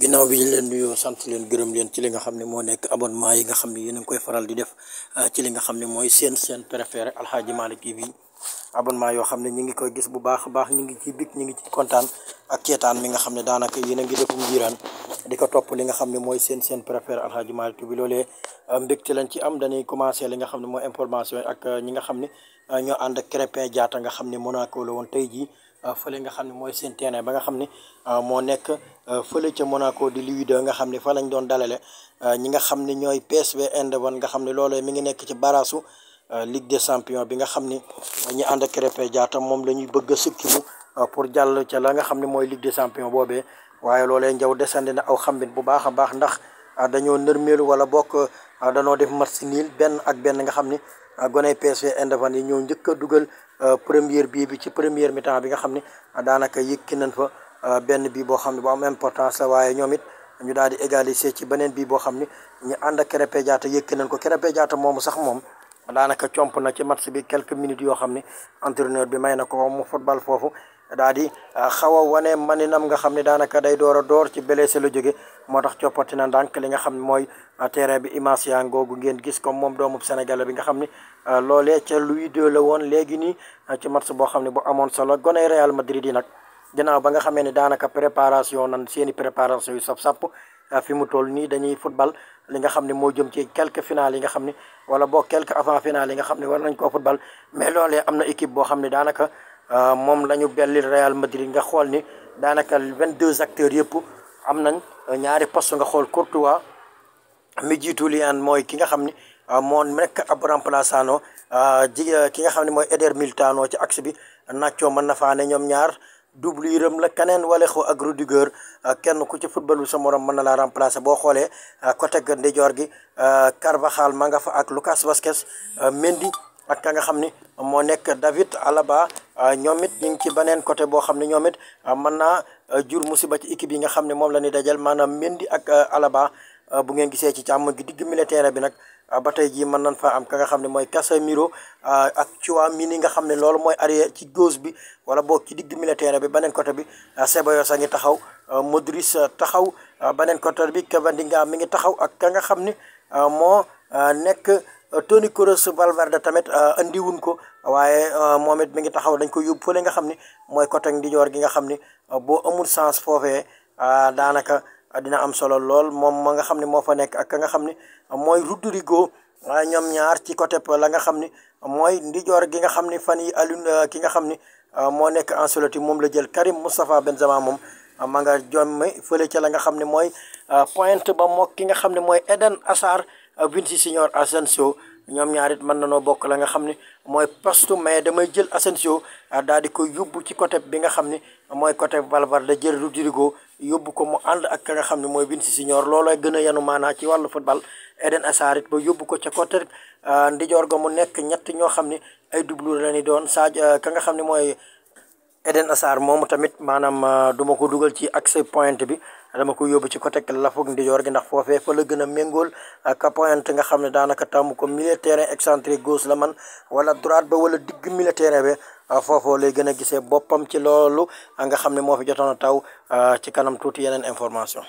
ginnaaw bi ñu leen nuyoo sant leen gërëm leen ci li nga xam ne moo nekk abonnement yi nga xam ne yéen a koy faral di def ah, ci li nga xam ne mooy seen seen préféré Aladji Malick TV abonnement yoo xam ne ñu ngi koy gis bu baax a baax ñu ngi ci big ñu ngi ci kontaan ak ceetaan mi nga xam ne daanaka yéen a ngi defum jiiraan di ko topp li nga xam ne mooy seen seen préféré Aladji Malick TV loolee ah, mbégte lañ ci am dañuy commencé li nga xam ne mooy information ak ah, ñi nga xam ne ñoo ànd ak Krépin Diatta nga xam ne Monaco la woon tey jii Euh, fële nga xam ne mooy seen terrain ba nga xam ne euh, moo nekk euh, fële ca Monaco di Louis nga xam ne fa lañ doon dalale ñi nga xam ne ñooy PSV Eindhoven nga xam ne loolee mi ngi nekk ci barasu Ligue des champions bi nga xam ni ñi ànd ak Krépin Diatta moom la bëgg a sukkimu pour jàll ca la nga xam ne mooy Ligue des champions boobee waaye loolee njaw desandi na aw xambin bu baax a baax ndax dañoo nërmeelu wala bokk dañoo def match nul benn ak benn nga xam ni gone PSV Eindhoven yi ñoo njëkk a dugal Euh, première bii bi ci première mi-temps bi nga xam ne daanaka yëkki nañ fa euh, benn bii boo xam ne bu am importance la waaye ñoomit it ñu daal di égaliser ci beneen bii boo xam ne ñu ànd a Krépin Diatta yëkki nañ ko Krépin jaata moomu sax moom daanaka comp na ci match bi quelques minutes yoo xam ne entraîneur bi may na ko mu football foofu daa di ah, xaw a wane maninam nga xam ne daanaka day door a door ci blessé la jóge moo tax coppati na ndànk li nga xam ne mooy ah, terrain bi image yaa ngeen gis comme moom doomu Sénégal bi nga xam ne ah, loolee ca Louis II la woon léegi nii ci match boo xam ne bu amoon solo goney Real Madrid yi nag ginnaaw ba nga xamee ne daanaka préparation nan seeni préparation yu sap-sap Euh, fi mu toll nii dañuy football li nga xam ne moo jëm ci quelque finales yi nga xam ne wala boo quelques avant finales yi nga xam ne war nañ koo football mais loole am na équipe boo xam ne daanaka euh, moom la ñu bellil Real nga xool ni daanaka 22 acteurs yëpp am nañ euh, ñaari poste nga xool Courtois mi jiitu Lyon mooy ki nga xam ni moo nekk ab remplaçant ji ki nga xam ne mooy Eder Militão ci axe bi Nacho mën na faa ne ñoom ñaar. double Iram la keneen wala xaw ak Rudiger kenn ku ci football bi sa morom mën na laa remplacer boo xoolee ah, côté ndijoor gi ah, Carvajal ma nga fa ak Lucas Vazquez ah, Mendy ak ka nga xam ni moo nekk David Alaba ñoom it ñu ngi ci beneen côté boo xam ne ñoom it mën naa jur musiba ci équipe yi nga xam ne moom la ñuy dajal maanaam Mendy ak Alaba bu ngeen gisee ci càmm gi digg militaire bi nag. Ah, ba tey jii mën nañ fa am ka nga xam ne mooy Casemiro ah, ak Tchouaméni nga xam ne loolu mooy arrière ci gauche bi wala boog ci digg milieu terrain bi beneen côté bi ah, Ceballos a ngi taxaw Modric taxaw beneen côté bi Camavinga mi ngi taxaw ak ka nga xam ne moo nekk Toni Kroos Valverde tamit andiwuñ ko waaye moom mi ngi taxaw dañ ko yóbbu fële nga xam ne mooy côté ndijoor gi nga xam ni boo amul sens foofee daanaka Ah, dina am solo lool moom ma nga xam ne moo fa nekk ak ka nga xam ni mooy Rodrigo ah, ñoom ñaar ci côté la nga xam ni mooy ndijoor gi nga xam ni fan yi Alioune ah, ki nga xam ni moo nekk Ancelotti moom la jël Karim Moustapha Benzema moom ma nga jommi fële ca la nga xam ne mooy pointe ba mook ki nga xam ne mooy Eden Hazard Vinicius Asensio ñoom ñaarit it na nanoo bokk la nga xam ni mooy poste mais damay jël Asensio daal di ko yóbbu ci côté bi nga xam ni mooy côté Valverde jël Rodrigo yóbbu ko mu ànd ak ka nga xam ne mooy Vinicius Junior loolooy gën a yanu maanaa ci wàllu football Eden Hazard it ba yóbbu ko ca côté ah, ndijoor ga mu nekk ñett ñoo xam ne ay doublure la ni doon Sadio ah, ka nga xam ne mooy Eden Hazard moomu tamit maanaam euh, du ma ko dugal ci accès point bi dama ko yóbbu ci côté lafoog ndijoor gi ndax foofee fa la gën a méngool ak nga xam ne daanaka tàmm ko milieu terrain excentré gauche la man wala droite ba wala digg milieu terrain bi euh, foofoo lay gën a gisee boppam ci loolu nga xam ne moo fi jotoon a taw euh, ci kanam tuuti yeneen information